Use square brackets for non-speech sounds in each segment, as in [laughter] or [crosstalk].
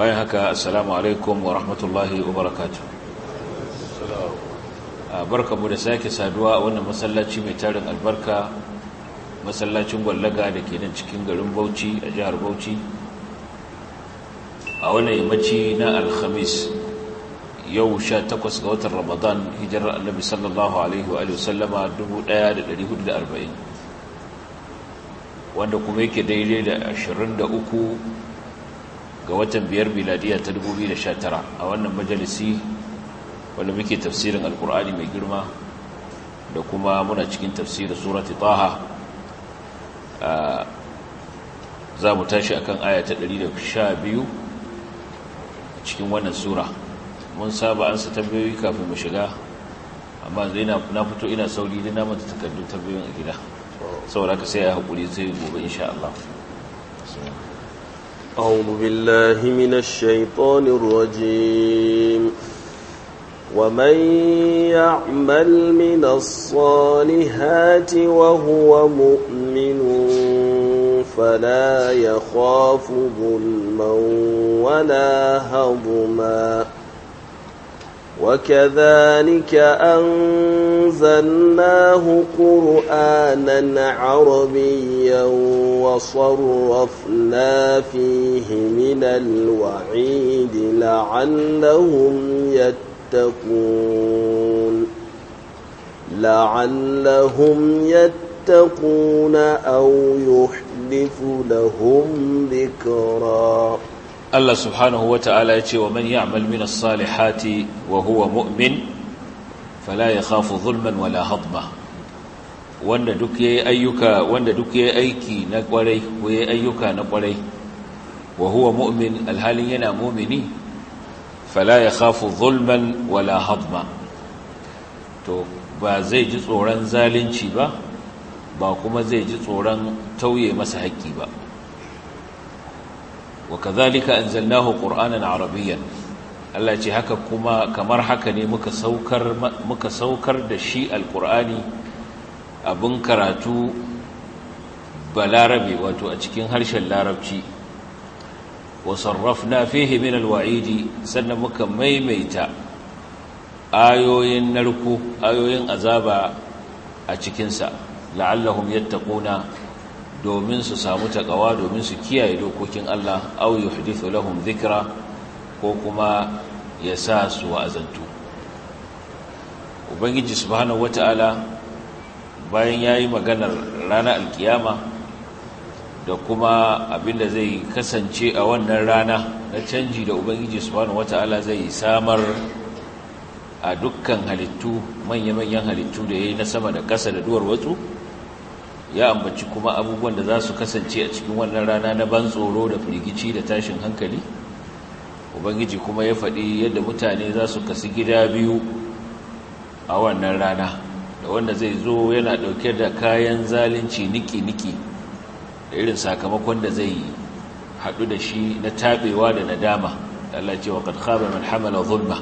bayan haka assalamu alaikum wa rahmatullahi wa barakatu barka mu da sake saduwa a wannan masallaci mai tarin albarka masallacin gwallaga da ke nan cikin garin bauchi a jihar bauchi a wannan yammaci na alhamis yau 18 ga watan ramadan hijirar annabi sallallahu alaihi wa sallama 1440 wanda kuma yake daidai da 23 ga watan biyar miladiya ta 2019 a wannan majalisi wanda muke tafsirin alkur'ani mai girma da kuma muna cikin tafsirin surati taha za mu tashi akan aya ta 112 cikin wannan sura mun saba an sa kafin mu shiga amma zai na fito ina sauri da naman mata takardun tambayoyin a gida saboda ka sai ya haƙuri sai gobe insha Allah أعوذ بالله من الشيطان الرجيم ومن يعمل من الصالحات وهو مؤمن فلا يخاف ظلما ولا هضما وكذلك أنزلناه قرآنا عربيا وصرفنا فيه من الوعيد لعلهم يتقون لعلهم يتقون أو يحدث لهم ذكرًا Allah subhanahu wata'ala ya ce wa man ya'mal min salihati wa huwa mu'min fala yakhafu dhulman wala hadma wanda duk yayi ayyuka wanda duk aiki na kwarai ko ayyuka na kwarai wa huwa mu'min alhalin yana mu'mini fala yakhafu dhulman wala hadma to ba zai ji tsoron zalunci ba ba kuma zai ji tsoron tauye masa haƙƙi ba wa kazalika anzalnahu qur'anan arabiyyan Allah ce haka kuma kamar haka ne muka saukar muka saukar da shi alqur'ani abun karatu balarabi wato a cikin harshen larabci wa sarrafna fihi min alwa'idi sannan muka maimaita ayoyin narko ayoyin azaba a cikinsa la'allahum yattaquna domin su samu takawa domin su kiyaye dokokin Allah au yi hadithu lahum zikira ko kuma ya sa su wa'azantu ubangiji subhanahu ta’ala bayan ya yi maganar rana alkiyama da kuma abinda zai kasance a wannan rana na canji da ubangiji subhanahu ta’ala zai samar a dukkan halittu manya-manyan halittu da ya yi na sama da ƙasa da duwar watsu ya ambaci kuma abubuwan da za su kasance a cikin wannan rana na ban tsoro da firgici da tashin hankali ubangiji kuma ya faɗi yadda mutane za su kasi gida biyu a wannan rana da wanda zai zo yana ɗauke da kayan zalunci niki-niki da irin sakamakon da zai haɗu da shi na taɓewa da nadama Allah ce wa man hamala zulma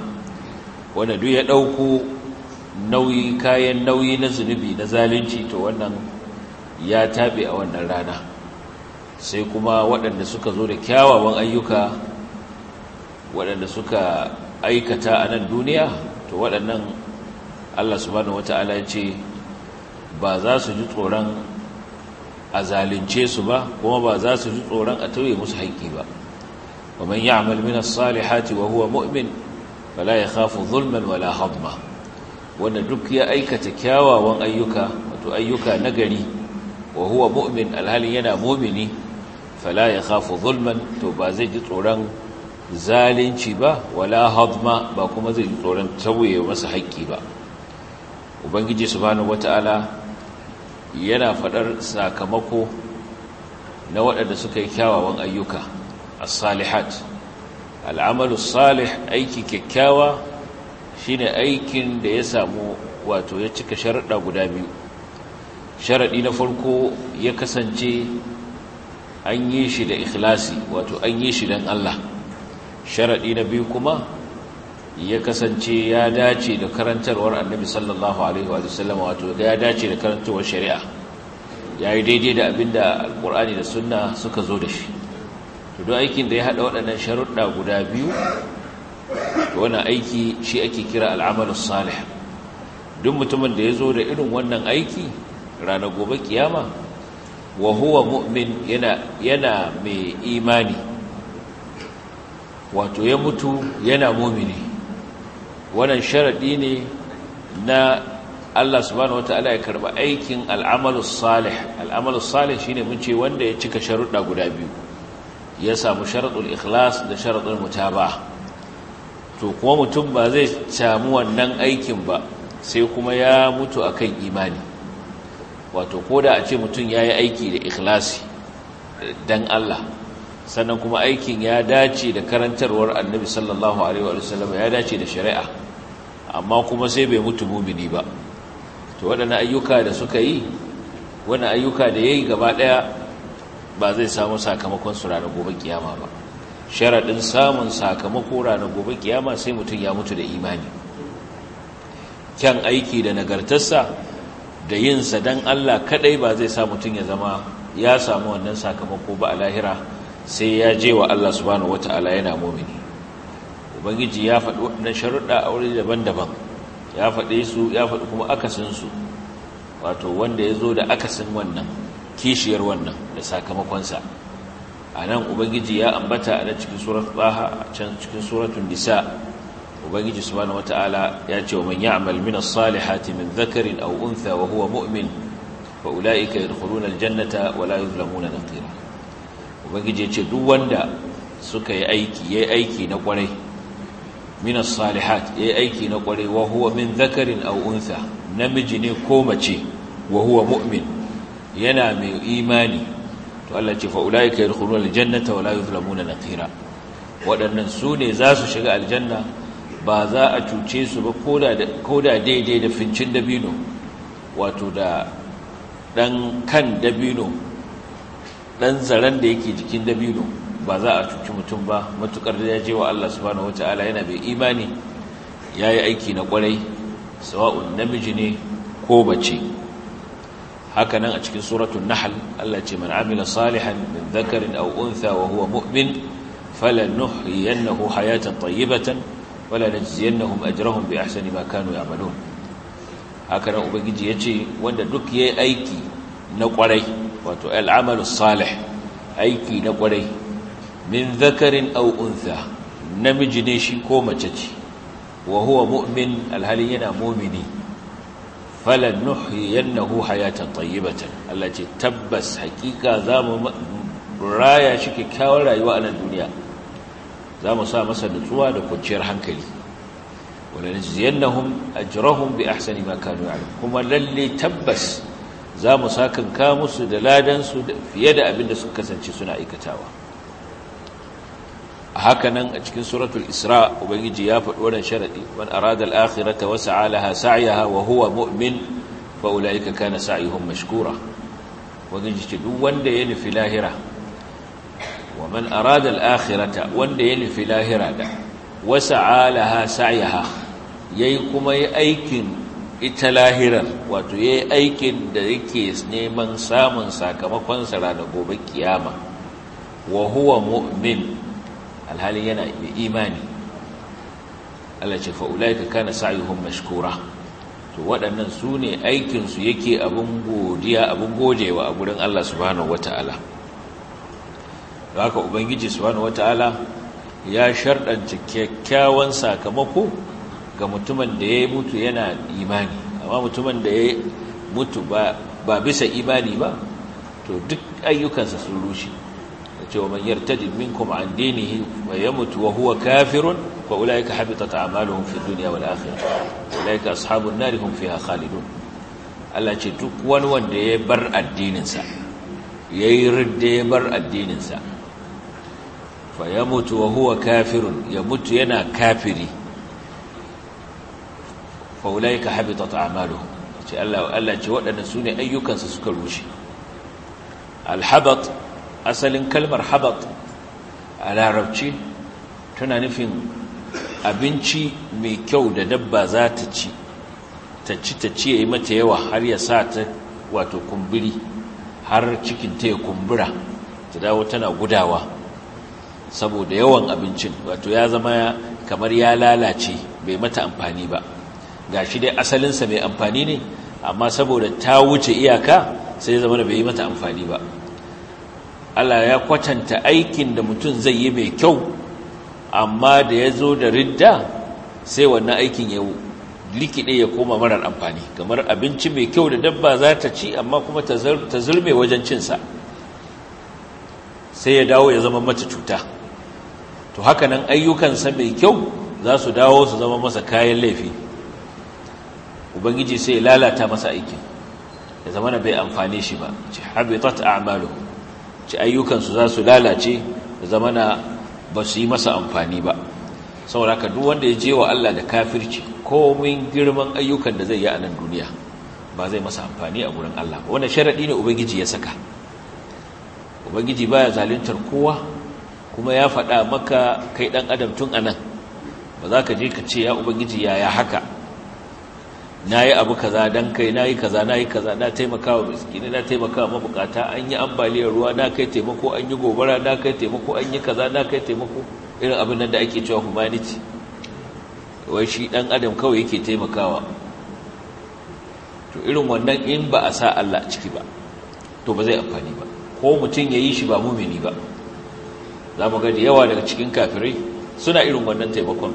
wanda duk ya ɗauko nauyi kayan nauyi na zunubi na zalunci to wannan ya taɓe a wannan rana sai kuma waɗanda suka zo da kyawawan ayyuka waɗanda suka aikata a nan duniya to waɗannan allah subhanahu wata'ala ya ce ba za su ji tsoron a zalunce su ba kuma ba za su ji tsoron a tauye musu haƙƙi ba ومن يعمل من الصالحات وهو مؤمن فلا يخاف ظلما ولا هضما wanda duk ya aikata kyawawan ayyuka wato ayyuka nagari wa huwa mu'min alhalin yana mu'mini fala ya zulman to ba zai ji tsoron zalunci ba wala hadma ba kuma zai ji tsoron tauye masa haƙƙi ba ubangiji subhanahu wata'ala yana faɗar sakamako na waɗanda suka yi kyawawan ayyuka as-salihat al'amalu salih aiki kyakkyawa shine aikin da ya samu wato ya cika sharuɗa guda biyu sharaɗi na farko ya kasance an yi shi da ikhlasi wato an yi shi don Allah sharaɗi na biyu kuma ya kasance ya dace da karantarwar annabi sallallahu alaihi wa sallam wato ya dace da karantarwar shari'a ya yi daidai da abinda da alkur'ani da sunna suka zo da shi to don aikin da ya haɗa waɗannan sharuɗa guda biyu to wani aiki shi ake kira al'amalus salih duk mutumin da ya zo da irin wannan aiki ranar gobe kiyama wa huwa mu'min yana yana mai imani wato ya mutu yana mumini wannan sharadi ne na Allah subhanahu wataala ya karba aikin al'amalu salih al'amalu salih shine mun ce wanda ya cika sharuɗa guda biyu ya samu sharadul ikhlas da sharadul mutaba to kuma mutum ba zai samu wannan aikin ba sai kuma ya mutu akan imani wato ko da a ce mutum ya yi aiki da ikhlasi don Allah sannan kuma aikin ya dace da karantarwar annabi sallallahu alaihi wa ya dace da shari'a amma kuma sai bai mutu mumini ba to waɗannan ayyuka da suka yi wani ayyuka da ya yi gaba ɗaya ba zai samu sakamakon su ranar gobe kiyama ba sharaɗin samun sakamako ranar gobe kiyama sai mutum ya mutu da imani kyan aiki da nagartarsa da yinsa don Allah kaɗai ba zai sa mutum ya zama ya samu wannan sakamako ba a lahira sai ya je wa Allah subhanahu ta'ala yana mumini ubangiji ya faɗi waɗannan sharuɗa a wuri daban-daban ya faɗi su ya faɗi kuma akasinsu wato wanda ya zo da akasin wannan kishiyar wannan da sakamakonsa a nan ubangiji ya ambata a cikin surat baha a can cikin suratun nisa ubangiji subhanahu wataala ya ce wa man ya'mal min as-salihati min dhakarin aw untha wa huwa mu'min fa ulaika yadkhuluna al-jannata wa la yuzlamuna naqira ubangiji ya ce duk wanda suka yi aiki yayi aiki na kwarai min as-salihat yayi aiki na kwarai wa huwa min dhakarin aw untha namiji ne ko mace wa huwa mu'min yana mai imani to Allah ce fa ulaika yadkhuluna al-jannata wa la yuzlamuna naqira waɗannan su ne za su shiga aljanna ba za a cuce su ba ko da daidai da fincin dabino wato da ɗan kan dabino ɗan zaren da yake jikin dabino ba za a cuci mutum ba matuƙar da ya je wa Allah subhanahu wa yana bai imani ya yi aiki na ƙwarai sawa'un namiji ne ko bace haka nan a cikin suratun nahal Allah ce man amila salihan min dhakarin aw untha wa huwa mu'min falanuhyiyannahu hayatan tayyibatan wala najziyannahum ajrahum bi ahsani ma ya ya'malun haka nan ubangiji yace wanda duk yayi aiki na kwarai wato al'amalu salih aiki na kwarai min zakarin au'unsa namiji ne shi ko mace ce wa huwa mu'min alhali yana mu'mini falan nuhyiyannahu hayatan tayyibatan Allah ce tabbas hakika zamu raya shi kyakkyawar rayuwa a nan duniya za mu sa masa nutsuwa da kwanciyar hankali wala najziyannahum ajrahum bi ahsani ma kanu kuma lalle tabbas za mu sakanka musu da ladan su fiye da abin da suka kasance suna aikatawa haka nan a cikin suratul isra ubangiji ya faɗi wannan sharaɗi, wani arada al-akhirata wasu sa'a laha sa'yaha wa huwa mu'min fa ulaika kana sa'yuhum mashkura ubangiji ce duk wanda ya nufi lahira wa man arada al-akhirata wanda ya nufi lahira da wasa'a laha sa'yaha yayi kuma yi aikin ita lahirar wato yayi aikin da yake neman samun sakamakon sa ranar gobe kiyama wa huwa mu'min alhalin yana da imani Allah ce fa ulaika kana sa'yuhum mashkura to waɗannan sune aikinsu yake abin godiya abin gojewa, a gurin Allah subhanahu wataala haka ubangiji subhanahu wataala ya sharɗanta kyakkyawan sakamako ga mutumin da ya mutu yana imani amma mutumin da ya mutu ba bisa imani ba to duk ayyukansa sun rushe ce wa man min kuma an dinihi wa yamutu wa huwa kafirun fa ulaika habitat a'maluhum fid dunya wal akhirah ulaika ashabun nar hum fiha khalidun Allah ce duk wani wanda ya bar addininsa yi ridda ya bar addininsa fa ya mutu wa huwa kafirun ya mutu yana kafiri fa ulaika habitat a'maluhum ce Allah Allah ce waɗannan sune ayyukansu suka rushe alhabat asalin kalmar habat a larabci tana nufin abinci mai kyau da dabba za ta ci ta ci ta ci yayi mata yawa har ya sa ta wato kumburi har cikin ta ya kumbura ta dawo tana gudawa saboda yawan abincin wato ya zama kamar ya lalace bai mata amfani ba ga shi dai asalinsa mai amfani ne amma saboda ta wuce iyaka sai ya zama da bai mata amfani ba Allah ya kwatanta aikin da mutum zai yi mai kyau amma da ya zo da ridda sai wannan aikin ya likide ya koma marar amfani kamar abinci mai kyau da dabba za ta ci amma kuma ta zulme wajen cinsa sai ya dawo ya zama mata cuta to haka nan ayyukansa mai kyau za su dawo su zama masa kayan laifi ubangiji sai ya lalata masa aikin ya zama na bai amfani shi ba ci habitat a'malu ci ayyukansu za su lalace ya zama na ba su yi masa amfani ba saboda haka duk wanda ya je wa Allah da kafirci komin girman ayyukan da zai yi a nan duniya ba zai masa amfani a gurin Allah ba wannan sharadi ne ubangiji ya saka ubangiji baya zaluntar kowa kuma ya faɗa maka kai ɗan adam tun anan ba za ka je ka ce ya ubangiji yaya haka na yi abu kaza don kai na yi kaza na yi kaza na taimaka wa miskini na taimaka wa mabukata an yi ambaliyar ruwa na kai taimako an yi gobara na kai taimako an yi kaza na kai taimako irin abin nan da ake cewa humanity wai shi ɗan adam kawai yake taimakawa to irin wannan in ba a sa Allah ciki ba to ba zai amfani ba ko mutum ya yi shi ba mumini ba za mu gaji yawa daga cikin kafirai suna irin wannan taimakon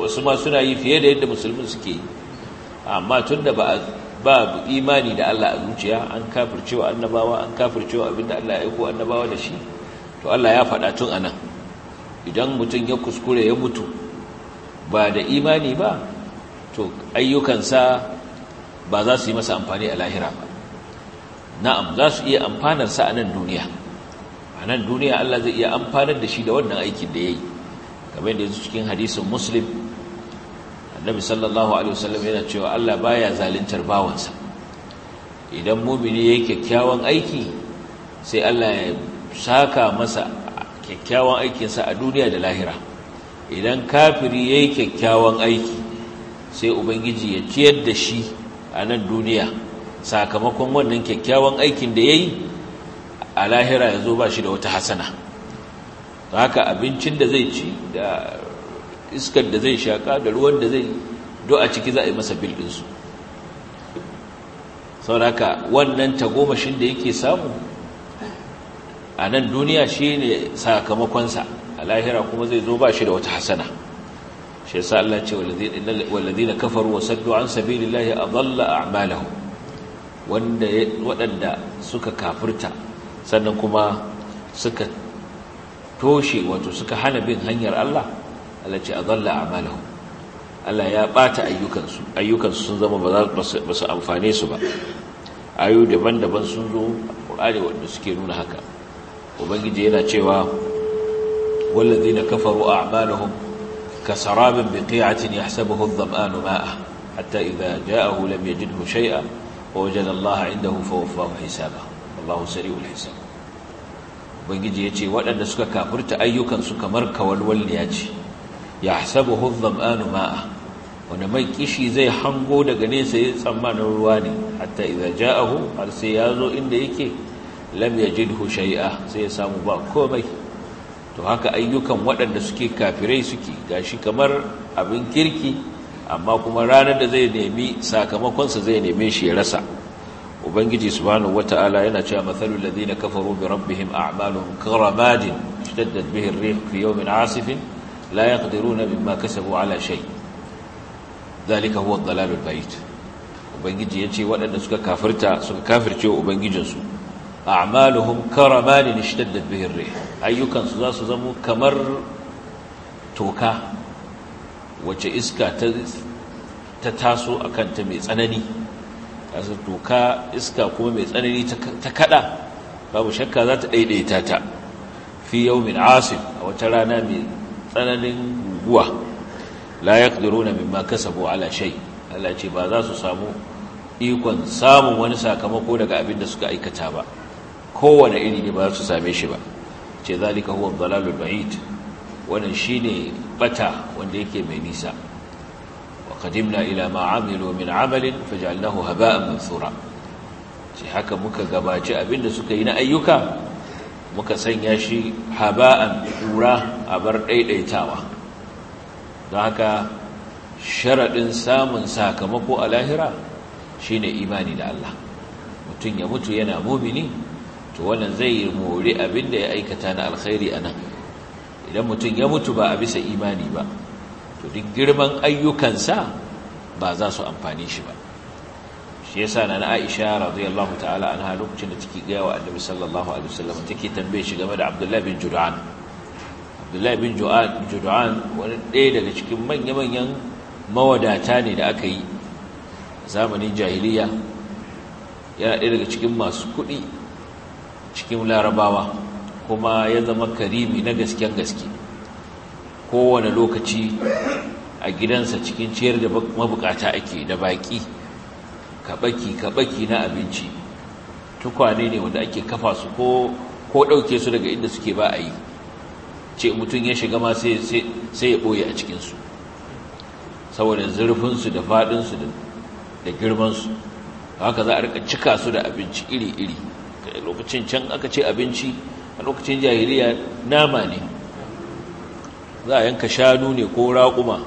wasu ma suna yi fiye da yadda musulmi suke yi amma tun da ba imani da Allah a zuciya an cewa annabawa an cewa abinda Allah ya aiko annabawa da shi to Allah ya faɗa tun anan idan mutum ya kuskure ya mutu ba da imani ba to ayyukansa ba za su yi masa amfani a lahira ba na'am za su iya amfanarsa a nan duniya a nan duniya Allah zai iya amfanar da shi da wannan aikin da ya yi kamar yadda yanzu cikin hadisin muslim annabi sallallahu alaihi wasallam yana cewa Allah baya zaluntar bawansa idan mumini ya yi kyakkyawan aiki sai Allah ya saka masa kyakkyawan aikinsa a duniya da lahira idan kafiri ya yi kyakkyawan aiki sai ubangiji ya ciyar da shi a nan duniya sakamakon wannan kyakkyawan aikin da ya yi a lahira ya zo ba shi da wata hasana haka abincin da zai ci da iskar da zai shaƙa da ruwan da zai do a ciki za a yi masa bil ɗinsu sauraka wannan tagomashin da yake samu a nan duniya shi ne sakamakonsa a lahira kuma zai zo ba shi da wata hasana shi yasa Allah ce walladina kafaru wa saddu an waɗanda suka kafirta sannan kuma suka toshe wato suka hana bin hanyar Allah Allah ce a a'malahum Allah ya ɓata ayyukansu ayyukansu sun zama ba su amfane su ba ayu daban-daban sun zo Qur'ani wanda suke nuna haka ubangiji yana cewa walladhina kafaru a'malahum kasarabin biqi'atin yahsabuhu adh-dhama'anu ma'a hatta iza ja'ahu lam yajidhu shay'an wa wajada Allah 'indahu fawaffahu hisaba wallahu sari'ul bangiji ubangiji yace waɗanda suka kafirta ayyukan su kamar kawalwal ya ce yahsabuhu ma'a wanda mai kishi zai hango daga nesa yin tsammanin ruwa ne hatta idza ja'ahu har sai ya zo inda yake lam yajidhu shay'a sai ya samu ba komai to haka ayyukan waɗanda suke kafirai suke gashi kamar abin kirki amma kuma ranar da zai nemi sakamakonsa zai neme shi ya rasa ubangiji subhanahu wata'ala yana cewa mathalul ladina kafaru bi rabbihim a'maluhum karamadin ishtaddat bihi ar-rih fi yawmin 'asifin la yaqdiruna mimma kasabu 'ala shay dalika huwa ad-dalalul bayt ubangiji yace waɗanda suka kafirta suka kafirce ubangijinsu a'maluhum karamadin ishtaddat bihi ar-rih ayyukan su zasu zamo kamar toka wace iska ta ta taso akan ta mai tsanani kasar toka iska kuma mai tsanani ta kada babu shakka za ta daidaita ta fi min asif a wata rana mai tsananin guguwa la yaqdiruna mimma kasabu ala shai Allah ce ba za su samu ikon samun wani sakamako daga abin da suka aikata ba kowane iri ne ba za su same shi ba ce zalika huwa dalalul ba'id wannan shine bata wanda yake mai nisa qadimna ila ma amilu min amalin faj'alnahu haba'an mansura shi haka muka gabaci abinda suka yi na ayyuka muka sanya shi haba'an kura a bar daidaitawa don haka sharaɗin samun sakamako a lahira shine imani da Allah mutum ya mutu yana mumini to wannan zai mori abinda ya aikata na alkhairi anan idan mutum ya mutu ba a bisa imani ba to duk girman ayyukansa ba za su amfani shi ba shi yasa na Aisha radiyallahu ta'ala anha lokacin da take gaya wa Annabi sallallahu alaihi wasallam take tambaye shi game da Abdullah bin Jud'an Abdullah bin Jud'an wani ɗaya daga cikin manya-manyan mawadata ne da aka yi zamanin jahiliya yana ɗaya daga cikin masu kuɗi cikin larabawa kuma ya zama karimi na gasken gaske kowane lokaci a gidansa cikin ciyar da mabukata ake da baki kabaki kabaki na abinci tukwane ne wanda ake kafa su ko ko su daga inda suke ba a yi ce mutum ya shiga ma sai ya boye a cikinsu. su saboda zurfin su da fadin da girman su haka za a rika cika su da abinci iri iri lokacin can aka ce abinci a lokacin jahiliya nama ne za a yanka shanu ne ko raƙuma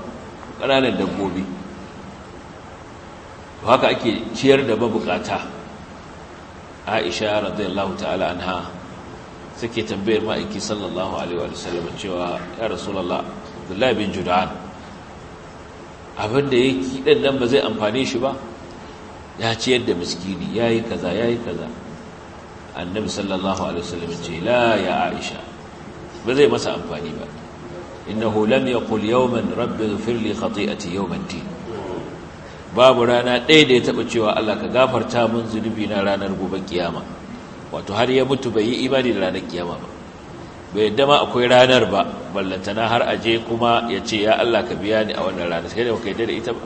ƙananan dabbobi haka ake ciyar da mabukata aisha radiyallahu ta'ala anha suke tambayar ma'aiki sallallahu alaihi wa sallam cewa ya rasulullah abdullahi bin juda'an abinda yake ɗan nan ba zai amfani shi ba ya ciyar da miskini yi kaza ya yi kaza annabi sallallahu alaihi wa sallam ce la ya aisha ba zai masa amfani ba innahu lam yaqul yawman rabbi ighfir li khati'ati yawmid din babu rana ɗaya da ya taɓa cewa Allah ka gafarta mun zunubi na ranar gobe kiyama wato har ya mutu bai yi imani da ranar kiyama ba bai yadda ma akwai ranar ba ballantana har aje kuma ya ce ya Allah ka biya ni a wannan ranar sai da kai da ita ba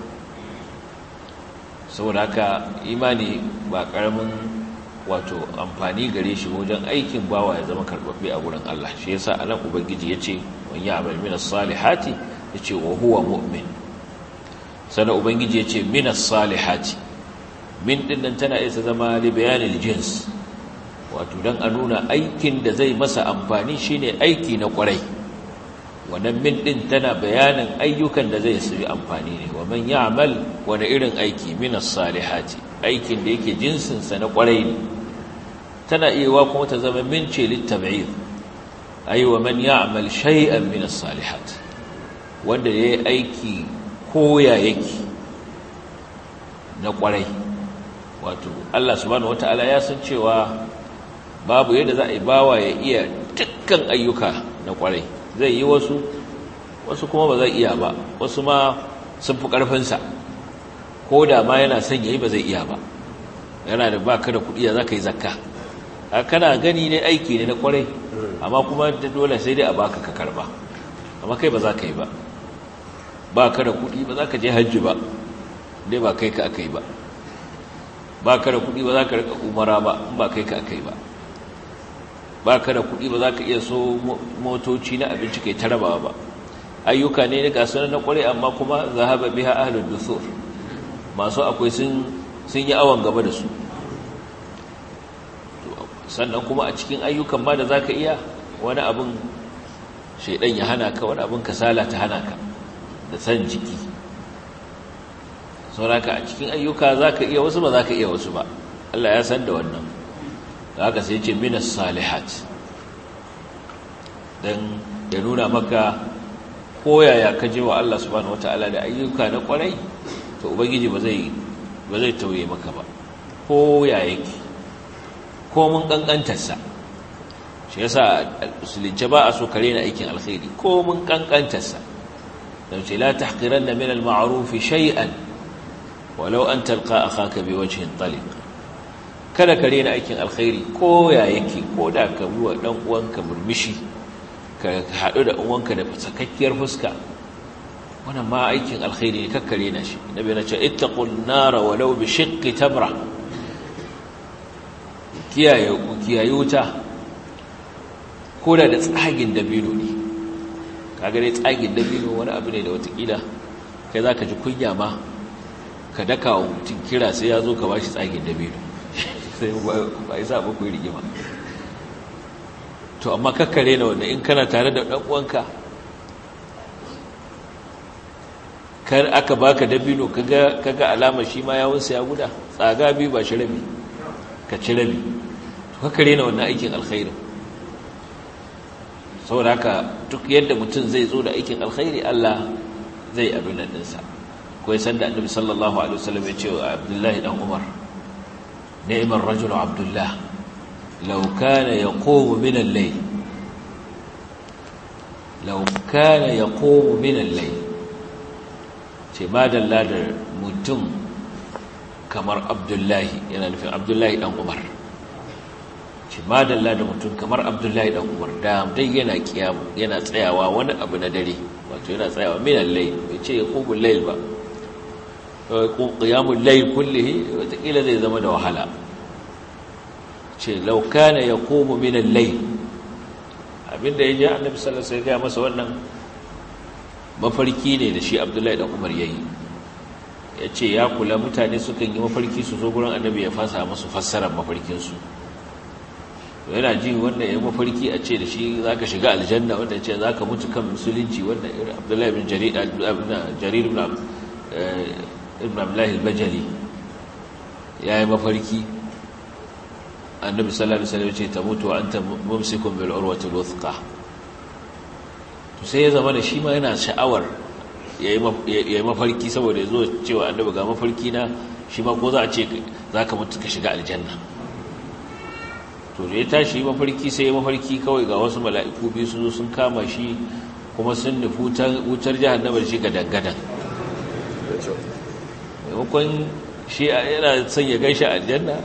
saboda haka imani ba karamin wato amfani gare shi wajen aikin bawa ya zama karɓaɓɓe a wurin Allah shi yasa anan ubangiji ya ce man ya'mal min salihati yace wa huwa mu'min sanan ubangiji yace min salihati min din nan tana isa zama li bayanil jins wato dan a nuna aikin da zai masa amfani shine aiki na kwarai wannan min din tana bayanin ayyukan da zai su amfani ne wa man ya'mal wani irin aiki min salihati aikin da yake jinsin sa na kwarai tana iya wa kuma ta zama min ce littabi'i ai wa man ya'mal shay'an min as-salihat wanda yayi aiki koya yake na kwarai wato Allah subhanahu wataala ya san cewa babu yadda za a bawa ya iya dukkan ayyuka na kwarai zai yi wasu wasu kuma ba zai iya ba wasu ma sun fi karfinsa ko da ma yana son yayi ba zai iya ba yana da baka da kuɗi za ka yi zakka kana gani ne aiki ne na kwarai amma kuma dole sai dai a baka ka karba amma kai ba za ka yi ba ba ka da kuɗi ba za ka je hajji ba dai ba kai ka aka yi ba ba ka da kuɗi ba za ka rika umara ba ba kai ka aka yi ba ba ka da kuɗi ba za ka iya so motoci na abinci kai tarabawa ba ayyuka ne ga sunan na ƙware amma kuma zahaba biha ahlud dusur masu akwai sun yi awon gaba da su sannan kuma a cikin ayyukan ba da ka iya wani abin shaidan ya hana ka wani abin kasala ta hana ka da san jiki raka a cikin ayyuka za ka iya wasu ba za ka iya wasu ba Allah ya san da wannan ka sai ce minas salihat dan ya nuna maka koyaya ka je wa Allah subhanahu ta'ala da ayyuka na kwarai to ubangiji ba zai tauye maka ba koyayake komin kankantarsa shi yasa musulunci ba a so kare na aikin alkhairi komin kankantarsa da ce la tahqiranna da al-ma'ruf shay'an walau an a akhaka bi wajhin taliq kada kare na aikin alkhairi ko ya yake ko da ka buwa dan uwanka murmushi ka haɗu da uwanka da sakakkiyar fuska wannan ma aikin alkhairi ne kakkare na shi nabi na ce ittaqun nara walau bi shiqqi tamra kiyaye ku kiyaye wuta ko da da tsagin dabino ne kaga dai tsagin dabino wani abu ne da watakila kai za ka ji kunya ma ka daka wa mutum kira sai ya zo ka ba shi tsagin dabino [laughs] sai ba yi ba kuri yi rigima to amma kakkare na wanda in kana tare da ɗan'uwanka kar aka baka dabino kaga alama shi ma yawunsa ya guda tsaga biyu ba shi rabi ka ci rabi kakare na wannan aikin alkhairin saboda haka duk yadda mutum zai zo da aikin alkhairi Allah zai abin nan dinsa ko ya san da annabi sallallahu alaihi wasallam ya ce wa Abdullahi dan Umar ni'mar rajul Abdullah law kana yaqumu min al-layl law kana yaqumu min al-layl ce ba da ladar mutum kamar Abdullahi yana nufin Abdullahi dan Umar ce madalla da mutum kamar abdullahi dan umar da dai yana kiyamu yana tsayawa wani abu na dare wato yana tsayawa min al-layl bai ce qumul layl ba ko qiyamul layl kullihi wata kila zai zama da wahala ce law kana yaqumu min al-layl abinda yaji annabi sallallahu alaihi wasallam masa wannan mafarki ne da shi abdullahi dan umar yayi ya ce ya kula mutane sukan yi mafarki su zo gurin annabi ya fasa musu fassarar mafarkinsu yana ji wanda ya mafarki a ce da shi za ka shiga aljanna wanda ce za ka mutu kan musulunci wanda abdullahi bin jarir ibn eh, abdullahi bajali ya yi mafarki annabi sallallahu alaihi wasallam ce ta mutu wa anta mumsikun bil urwati wuthqa to sai ya zama da shi ma yana sha'awar ya yi mafarki saboda ya zo cewa annabi ga mafarki na shi ma ko za a ce za ka mutu ka shiga aljanna to da ya tashi mafarki sai mafarki kawai ga wasu mala'iku biyu su sun kama shi kuma sun nufi wutar jahannamar shi ga dangadan maimakon shi yana son ya gaishe aljanna [laughs]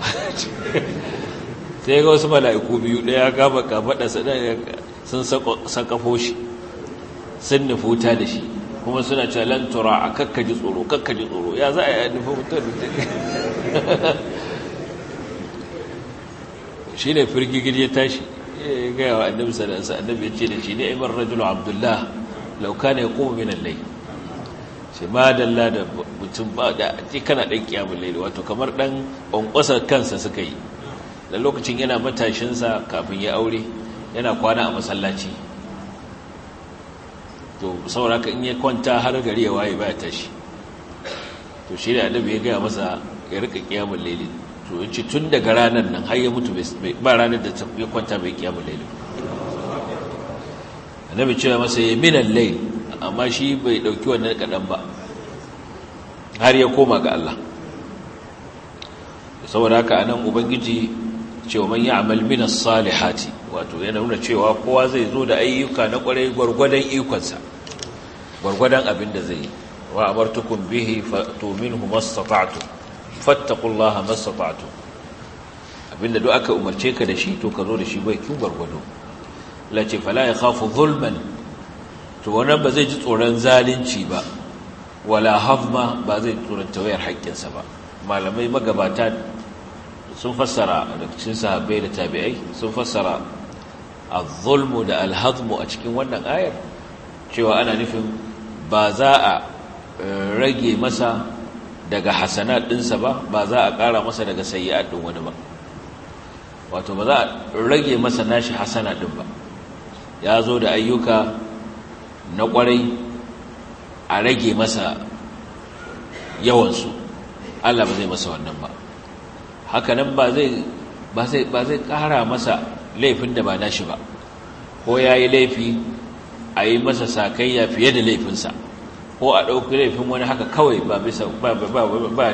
sai ga wasu mala'iku biyu ɗaya kama kafaɗarsa ɗaya sun sakafo shi sun nufi wuta da shi kuma suna calantura a kakkaji tsoro kakkaji tsoro ya za a yi nufa wutar da [laughs] shi ne firgigir ya tashi ya gaya wa annabi sallallahu annabi ya ce da shi ne iman rajulu abdullah lauka ne ya kuma minan lai shi ma dalla da mutum ba da ake kana ɗan kyamun lai wato kamar ɗan ƙwanƙwasar kansa suka yi da lokacin yana matashinsa kafin ya aure yana kwana a masallaci to sauraka in ya kwanta har gari ya waye ba ya tashi to shi da annabi ya gaya masa ya rika kyamun lai to tun daga ranar nan har ya mutu ba ranar da ya kwanta bai kiyamun laili annabi cewa masa ya minan laili amma shi bai ɗauki wannan kadan ba har ya koma ga Allah saboda haka anan ubangiji cewa man ya'mal min as-salihati wato yana nuna cewa kowa zai zo da ayyuka na kwarai gwargwadon ikonsa gwargwadon abin da zai yi wa amartukum bihi fatu minhu mastata'tum fattaqullaha mastata'tu abinda duk aka umarce ka da shi to ka zo da shi bai kin gwargwado Lace ce fala ya zulman to wannan ba zai ji tsoron zalunci ba wala hafma ba zai tsoron tawayar haƙƙinsa ba malamai magabata sun fassara da cikin sahabbai da tabi'ai sun fassara az-zulmu da al-hazmu a cikin wannan ayar cewa ana nufin ba za a eh, rage masa daga hasanat ɗinsa ba ba za a ƙara masa daga a ɗin wani ba wato ba za a rage masa nashi hasana ɗin ba ya zo da ayyuka na ƙwarai a rage masa yawansu Allah ba zai masa wannan ba hakanan ba zai ba ƙara masa laifin da ba nashi ba ko ya yi laifi a yi masa sakayya fiye da laifinsa ko a ɗauki laifin wani haka kawai ba bisa ba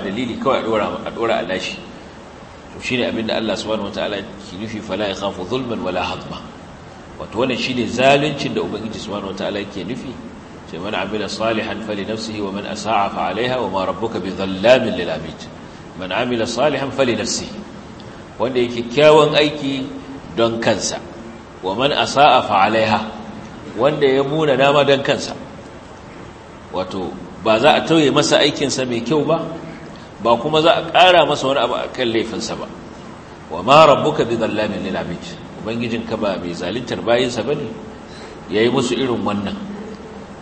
dalili kawai a ɗora a lashi to shi ne abinda Allah subhanahu wataala ke nufi fala ya khafu zulman wala hadma wato wannan shi ne zaluncin da ubangiji subhanahu wataala ke nufi sai man Amina salihan fali nafsihi wa man asa'a fa alaiha wa ma rabbuka bi dhallamin lil abid man amila salihan fali nafsihi wanda yake kyawun aiki don kansa wa man asa'a fa alaiha wanda ya muna nama don kansa wato ba za a tauye masa aikinsa mai kyau ba ba kuma za a ƙara masa wani abu a kan laifinsa ba wa ma rabbuka bi dhallamin lil abid ubangijinka ba mai zaluntar ne bane yayi musu irin wannan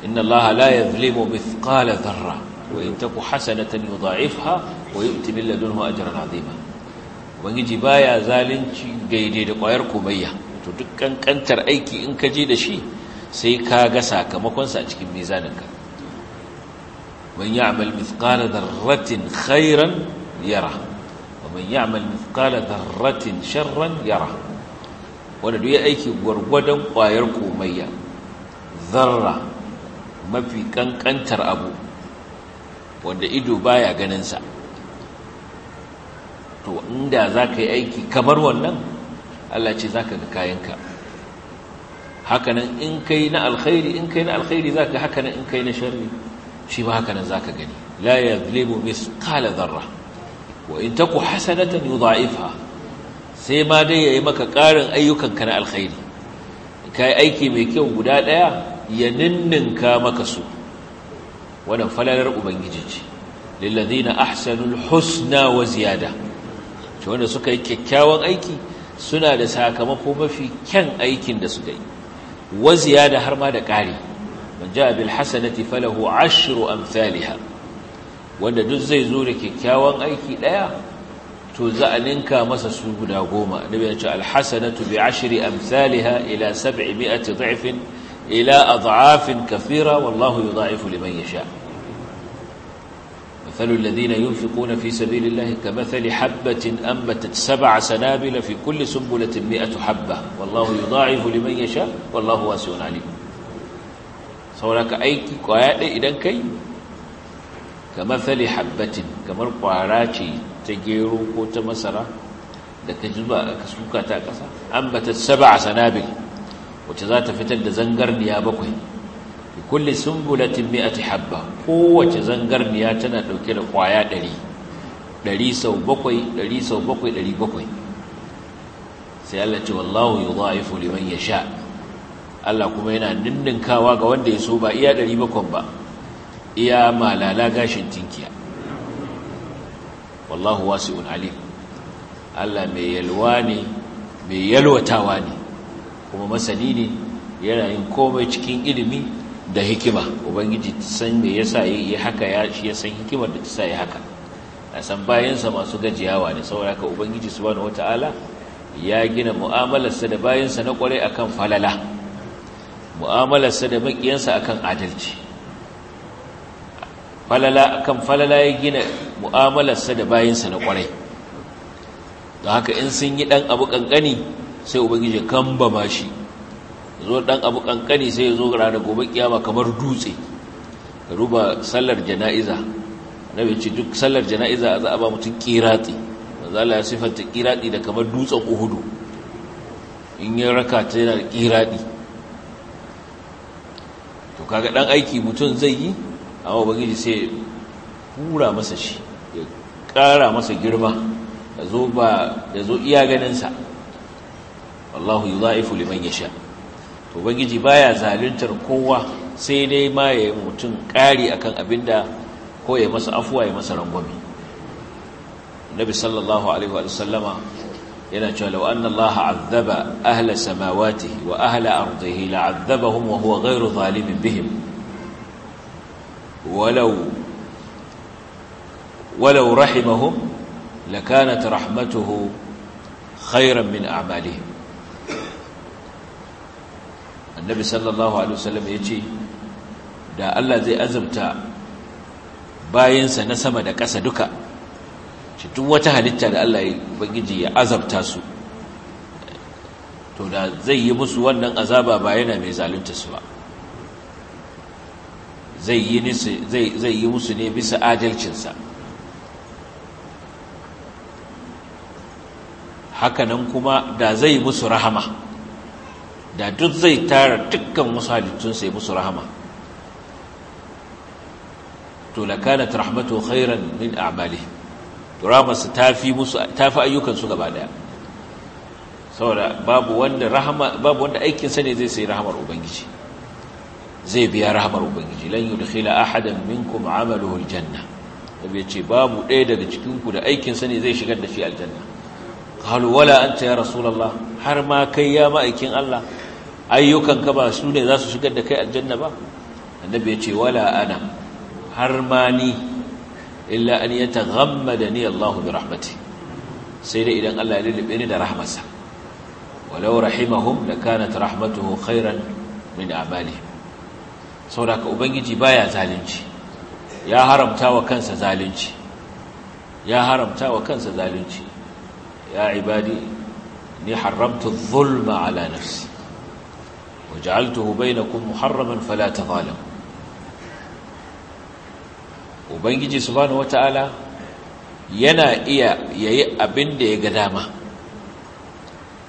inna allaha la yadhlimu mithqala dharra wa in taku hasanatan yudha'ifha wa yu'ti min ladunhu ajran 'azima ubangiji baya zalunci daidai da ƙwayar kumayya to duk kankantar aiki in ka je da shi sai ka ga sakamakonsa a cikin mizaninka man ya'mal mithqala dharratin khairan yara wa man ya'mal mithqala dharratin sharran yara wanda duk ya aiki gwargwadon ƙwayar komayya zarra mafi ƙanƙantar abu wanda ido baya ganinsa to inda za ka yi aiki kamar wannan Allah ce za ka ga kayanka hakanan in kai na alkhairi in kai na alkhairi za ka hakanan in kai na sharri shi ma haka nan zaka gani la yadhlimu mithqala zarra. wa in taku hasanatan yudha'ifha sai ma dai yayi maka ƙarin ayyukanka na alkhairi kai aiki mai kyau guda ɗaya? ya ninninka maka su wannan falalar ubangiji ce lilladhina ahsanul husna wa ziyada wanda suka yi kyakkyawan aiki suna da sakamako mafi kyan aikin da suka yi wa ziyada har ma da ƙari من جاء بالحسنة فله عشر أمثالها وأن دزي زوري كيكاوان أي كي تزألنك مسا سوبنا قوما نبي أنشاء الحسنة بعشر أمثالها إلى سبعمائة ضعف إلى أضعاف كثيرة والله يضاعف لمن يشاء مثل الذين ينفقون في سبيل الله كمثل حبة أمتت سبع سنابل في كل سنبلة مئة حبة والله يضاعف لمن يشاء والله واسع عليكم sauraka aiki kwaya ɗai idan kai kamar fali habbatin kamar kwara ce ta gero ko ta masara da ka zuba ka suka ta ƙasa an bata saba a sanabil wacce za ta fitar da zangarniya bakwai da kulle sumbulatin ta habba kowace zangarniya tana ɗauke da kwaya ɗari ɗari sau bakwai ɗari sau bakwai ɗari bakwai sai Allah ce wallahu yudha'ifu liman sha Allah kuma yana ninninkawa ga wanda ya so ba iya bakon ba iya malala gashin tinkiya wallahu wasi'un alim Allah mai yalwa ne mai yalwatawa ne kuma masani ne yana yin komai cikin ilimi da hikima ubangiji san me yasa yi haka ya shi ya san hikimar da ta yi haka a san bayansa masu gajiyawa ne saboda haka ubangiji subhanahu wataala ya gina mu'amalarsa da bayansa na kware akan falala mu'amalarsa da makiyansa akan adalci falala akan falala ya gina mu'amalarsa da bayinsa na kwarai don haka in sun yi dan abu kankani sai ubangiji kamba ba shi zo dan abu kankani sai ya zo ranar gobe kiyama kamar dutse ka ruba sallar jana'iza bai ce duk sallar jana'iza za a ba mutum kirati manzala ya sifanta kirati da kamar dutsen uhudu in yi raka ta yana da kirati to kaga dan aiki mutum zai yi amma ubangiji sai hura masa shi ya ƙara masa girma ya zo ba ya zo iya ganinsa wallahu yudha'ifu liman yasha to ubangiji baya zaluntar kowa sai dai ma ya yi mutum ƙari akan abinda ko ya masa afuwa ya masa rangwame nabi sallallahu alaihi wa sallama yana cewa law anna Allah azaba ahla samawatihi wa ahla ardihi la'azzabahum wa huwa ghayru zalimin bihim walau walau rahimahum lakanat rahmatuhu khayran min a'malihim annabi sallallahu alaihi wasallam yace da Allah zai azabta bayansa na sama da ƙasa duka shi duk wata halitta da Allah ya ubangiji ya azabta su to da zai yi musu wannan azaba ba yana mai zalunta su ba zai yi musu ne bisa adalcinsa hakanan kuma da zai musu rahama da duk zai tara dukkan wasu halittunsa ya musu rahama to lakanat rahmatu khairan min a'malihim rahamarsa ta fi ayyukansu gaba daya saboda babu wanda aikinsa ne zai sai rahamar ubangiji zai biya rahamar ubangiji lan yudkhila ahadan minkum amaluhu aljanna nabi ce babu ɗaya daga cikin ku da aikinsa ne zai shigar da shi aljanna qalu wala anta ya rasulallah har ma kai ya ma'aikin Allah ayyukanka ba su ne za su shigar da kai aljanna ba annabi yace wala ana har ma ni illa an ni Allahu bi rahmati sai dai idan Allah ya lullube ni da rahmarsa walau rahimahum lakanat rahmatuhu khairan min a'mali saboda ubangiji baya zalunci ya haramta wa kansa zalunci ya haramta wa kansa zalunci ya ibadi ni haramtu adh ala nafsi waj'altuhu bainakum muharraman fala tadhalamu ubangiji subhanahu wataala yana iya yayi abin da ya ga dama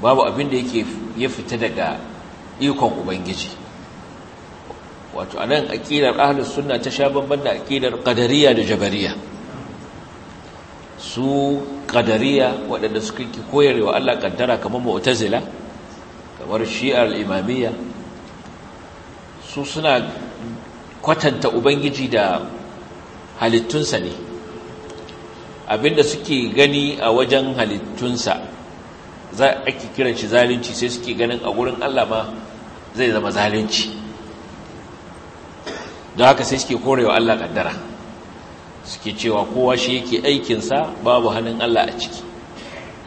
babu abin da yake ya fita daga ikon ubangiji wato anan aqidar ahlus sunna ta sha bamban da aqidar qadariyya da Jabariya. su qadariyya waɗanda suka ki koyarwa Allah kaddara kamar mu'tazila kamar shi'ar imamiyya su suna kwatanta ubangiji da halittunsa ne abinda suke gani a wajen halittunsa za a ake kiran shi zalunci sai suke ganin a wurin Allah ma zai zama zalunci don haka sai suke korewa Allah kaddara suke cewa kowa shi yake aikinsa babu hannun Allah a ciki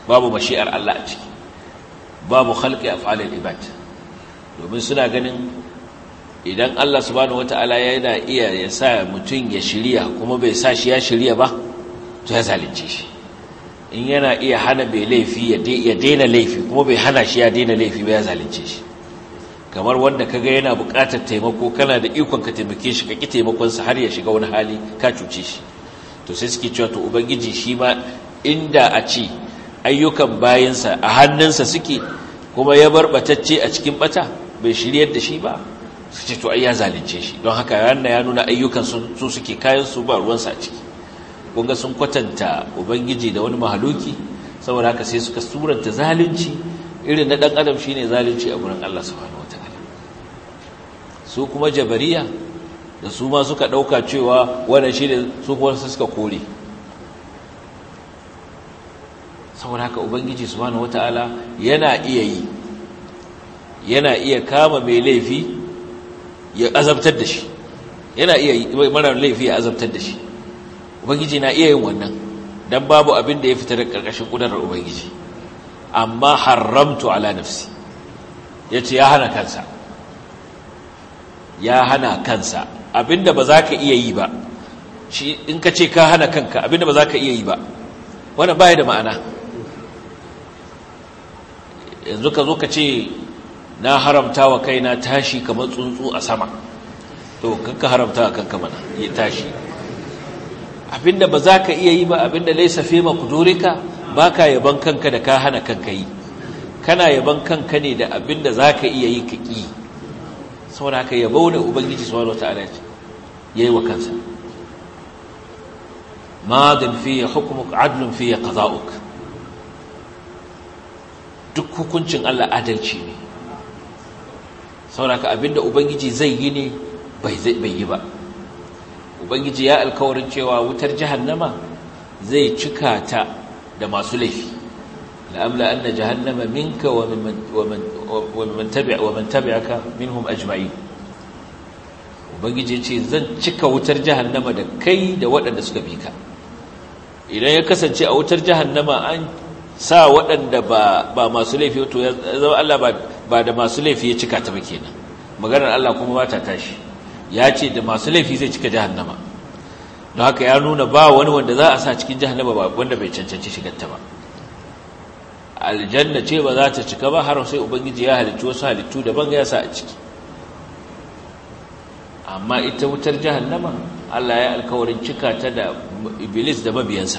babu mashi'ar Allah a ciki babu khalqi af'alil ibad domin suna ganin idan Allah subhanahu wataala yana iya ya sa mutum ya shirya kuma bai sa shi ya shirya ba to ya zalunce shi in yana iya hana bai laifi ya daina laifi kuma bai hana shi ya daina laifi ba ya zalunce shi kamar wanda kaga yana bukatar taimako kana da ikon ka taimake shi ka ki taimakon sa har ya shiga wani hali ka cuce shi to sai suke cewa to ubangiji shi ma inda a ci ayyukan bayansa a hannunsa suke kuma ya barbatacce a cikin bata bai shiryar da shi ba su ce to ai ya zalunce shi don haka ranar ya nuna ayyukan su suke kayan su ba ruwansa a ciki kunga sun kwatanta ubangiji da wani mahaluki saboda haka sai suka suranta zalunci irin na dan adam shine zalunci a gurin Allah subhanahu wataala su kuma jabariya da su ma suka dauka cewa wannan shine su kuma suka kore saboda haka ubangiji subhanahu wataala yana iya yi yana iya kama mai laifi ya azabtar da shi yana iya yi mara laifi ya azabtar da shi ubangiji na iya yin wannan don babu abin da ya fita daga ƙarƙashin ƙudurar ubangiji amma haramtu ala nafsi yace ya hana kansa ya hana kansa abinda ba za ka iya yi ba shi in ka ce ka hana kanka abinda ba za ka iya yi ba wannan baya da ma'ana yanzu ka zo ka ce na haramta wa kaina tashi kamar tsuntsu a sama to kanka haramta wa kanka mana ya tashi abinda ba za ka iya yi ba abinda laisa fi makudurika ba ka yaban kanka da ka hana kanka yi kana yaban kanka ne da abinda za ka iya yi ka ƙi saboda ka yabo da ubangiji subhanahu wataala ya yi wa kansa madin fiye hukumuk adlun fiye qada'uk duk hukuncin Allah adalci ne sauraka abinda ubangiji zai yi ne bai yi ba ubangiji ya alkawarin cewa wutar jahannama zai cika ta da masu laifi la'amla na jahannama minka wa mimman aka minhum ubangiji ce zan cika wutar jahannama da kai da waɗanda suka bi ka idan ya kasance a wutar jahannama an sa waɗanda ba masu laifi to ya zama Allah ba ba da masu laifi ya cika ta ba kenan maganar Allah kuma ba ta tashi ya ce da masu laifi zai cika jahannama don haka ya nuna ba wani wanda za a sa cikin jahannama ba wanda bai cancanci shigar ta ba aljanna ce ba za ta cika ba har sai ubangiji ya halicci wasu halittu daban ya sa a ciki amma ita wutar jahannama Allah ya alkawarin cika ta da iblis da mabiyansa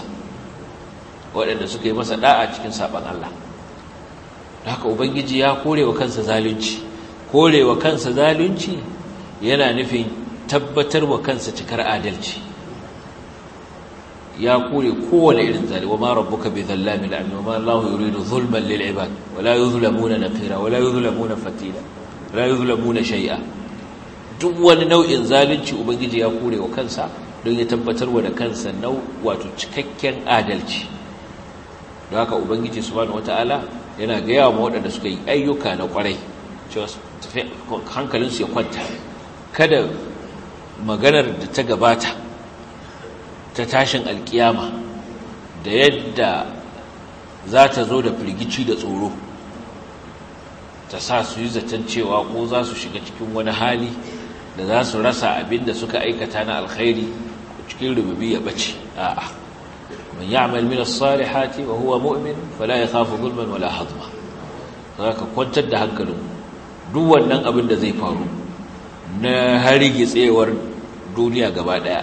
waɗanda suka yi masa da'a cikin saɓan Allah haka ubangiji ya korewa kansa zalunci korewa kansa zalunci yana nufin tabbatar wa kansa cikar adalci ya kore kowane irin zalunci wa ma rabbuka bi zallamin lil wa ma Allahu yuridu zulman lil ibad wa la yuzlamuna naqira wa la yuzlamuna fatila la yuzlamuna shay'a duk wani nau'in zalunci ubangiji ya kore wa kansa don ya tabbatar wa da kansa nau wato cikakken adalci don haka ubangiji subhanahu wataala yana gaya wa waɗanda suka yi ayyuka na ƙwarai hankalinsu ya kwanta kada maganar da ta gabata ta tashin alkiyama da yadda za ta zo da firgici da tsoro ta sa su yi zaton cewa ko za su shiga cikin wani hali da za su rasa abinda suka aikata na alkhairi cikin rububi ya bace a'a من يعمل من الصالحات salihati wa huwa mu'min fala ولا zulman wala كنت ka kwantar da hankalin duk wannan abin da zai faru na harigitsewar duniya gaba daya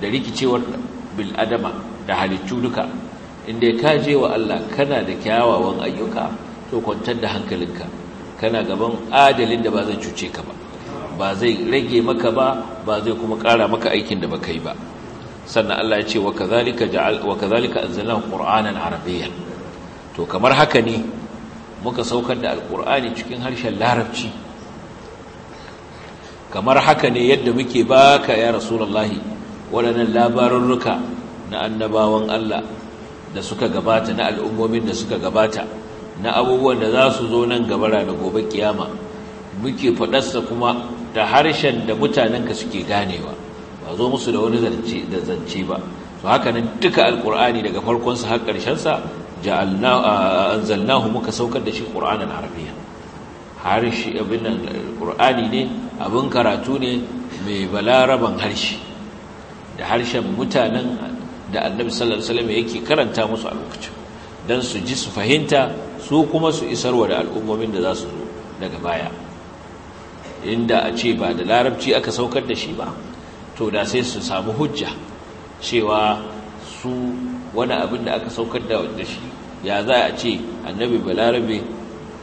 da rikicewar bil'adama da halittu duka inda ka je wa Allah kana da kyawawan ayyuka to kwantar da hankalinka kana gaban adalin da ba zai cuce ka ba ba zai rage maka ba ba zai kuma ƙara maka aikin da ba kai ba sannan Allah ya ce wa kazalika ja'al anzalna qur'anan arabiyya to kamar haka ne muka saukar da alqur'ani cikin harshen larabci kamar haka ne yadda muke baka ya rasulullahi waɗannan labarurruka na annabawan Allah da suka gabata na al'ummomin da suka gabata na abubuwan da za su zo nan gabara da gobe kiyama muke faɗarsa kuma da harshen da mutanenka suke ganewa ba zo musu da wani zance da zance ba to haka nan duka alqur'ani daga farkon sa har karshen anzalnahu muka saukar da shi qur'anan arabiyya harshe abin nan ne abin karatu ne mai balaraban harshe da harshen mutanen da annabi sallallahu alaihi wasallam yake karanta musu a lokacin dan su ji su fahimta su kuma su isarwa da al'ummomin da za su zo daga baya inda a ce ba da larabci aka saukar da shi ba to da sai su samu hujja cewa su wani abin da aka saukar da shi ya za a ce annabi ba balarabe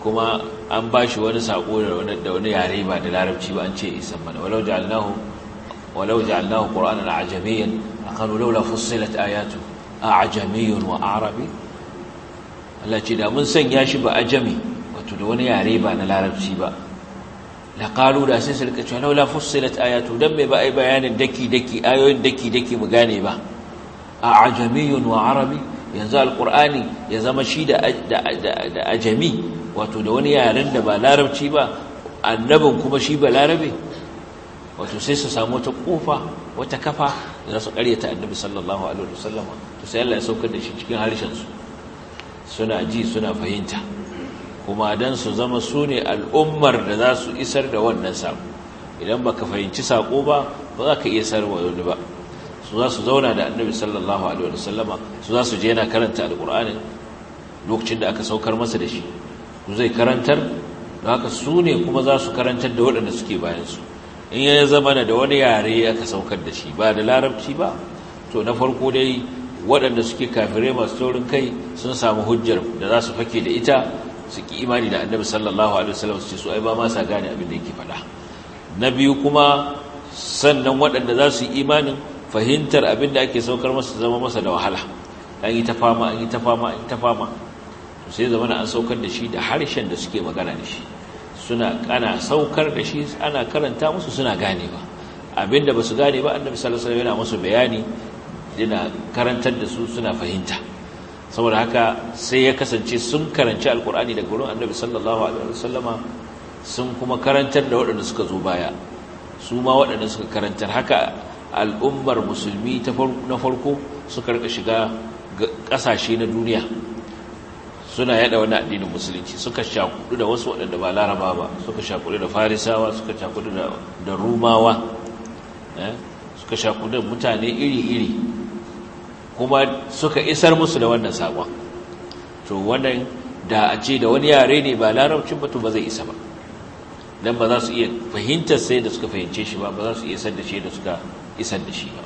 kuma an ba shi wani saƙo da wani yare ba da larabci ba an ce isan mana walau ja'alnahu walau ja'alnahu qur'anan ajamiyyan akalu laula fussilat ayatu ajamiyyun wa arabi Allah ce da mun sanya shi ba ajami wato da wani yare ba na larabci ba la qalu da sai su rika cewa laula fussilat ayatu dan me ba ai bayanin daki daki ayoyin daki daki mu gane ba a ajamiyun wa arabi yanzu alqur'ani ya zama shi da da ajami wato da wani yaren da ba larabci ba annabin kuma shi ba larabe wato sai su samu wata kofa wata kafa da su karyata annabi sallallahu alaihi wasallam to sai Allah ya saukar da shi cikin harshen su suna ji suna fahimta kuma don su zama su ne al'ummar da za su isar da wannan saƙo idan baka fahimci saƙo ba ba za ka iya sarwa wani ba su za su zauna da annabi sallallahu alaihi sallama su za su je yana karanta alƙur'anin lokacin da aka saukar masa da shi su zai karantar da haka su ne kuma za su karantar da waɗanda suke bayansu in ya zama da wani yare aka saukar da shi ba da larabci ba to na farko dai waɗanda suke kafirai masu taurin kai sun samu hujjar da za su fake da ita su ki imani da annabi sallallahu alaihi wasallam su ce su ai ba ma sa gane abin da yake faɗa na biyu kuma sannan waɗanda za su yi imanin fahimtar abin da ake saukar masa zama masa da wahala an yi ta fama an yi ta fama an yi ta fama to sai zama an saukar da shi da harshen da suke magana da shi suna ana saukar da shi ana karanta musu suna gane ganewa da ba su gane ba annabi sallallahu alaihi wasallam yana musu bayani yana karantar da su suna fahimta saboda haka sai ya kasance sun karanci alkur'ani daga wurin annabi sallallahu alaihi wasallama sun kuma karantar da waɗanda suka zo baya su ma waɗanda suka karantar haka al'ummar musulmi na farko suka rika shiga ƙasashe na duniya suna yada wani addinin musulunci suka shakudu da wasu waɗanda ba laraba ba suka shakudu da farisawa suka shakudu da rumawa eh? suka shakudu da mutane iri-iri kuma suka isar musu da wannan saƙon to wannan da a ce da wani yare ne ba larabcin to ba zai isa ba don ba za su iya fahimtar sai da suka fahimce shi ba ba za su iya isar da shi da suka isar da shi ba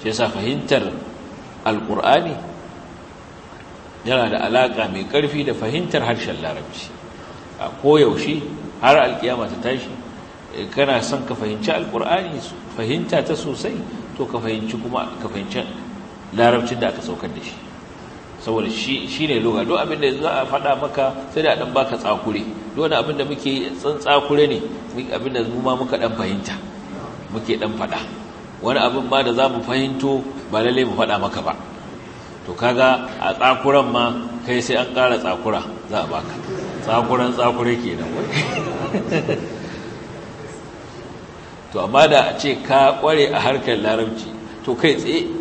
shi yasa fahimtar alƙur'ani yana da alaƙa mai ƙarfi da fahimtar harshen larabci a koyaushe har alƙiyama ta tashi eh, kana son ka fahimci alƙur'ani fahimta ta sosai to ka fahimci kuma ka fahimci larabcin da aka saukar da shi saboda shi ne loga duk abin da za a faɗa maka sai da dan baka tsakure duk wani abin da muke tsan tsakure ne abin da mu ma muka ɗan fahimta muke ɗan faɗa wani abin ba da za mu fahimto ba lallai mu faɗa maka ba to kaga a tsakuran ma kai sai an kara tsakura za a baka tsakuran tsakure kenan [laughs] to amma da a ce ka kware a harkar larabci to kai tsaye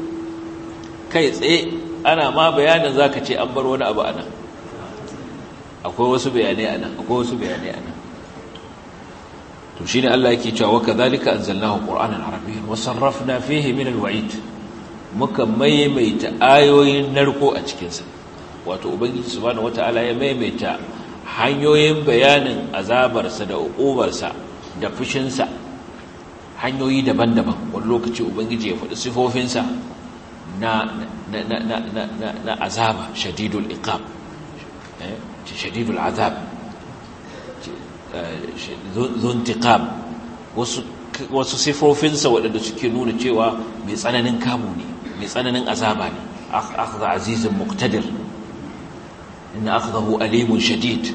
kai tsaye ana ma bayanin za ka ce an bar wani abu ana akwai wasu bayanai ana akwai wasu bayanai ana to shi ne Allah yake cewa wa zalika anzalnahu qur'ana ƙor'anin arabiyyar wasan rafna fihe min alwa'id muka maimaita ayoyin narko a cikinsa wato ubangiji subhanahu wata'ala ya maimaita hanyoyin bayanin azabarsa da sa da fushinsa hanyoyi daban-daban wani lokaci ubangiji ya faɗi sifofinsa na azaba shadidul iqab eh? shadidul azab zuntiqab eh, wasu wasu sifofinsa waɗanda suke nuna cewa mai tsananin kamu ne mai tsananin azaba ne akhza azizin muqtadir inna akhzahu alimun shadid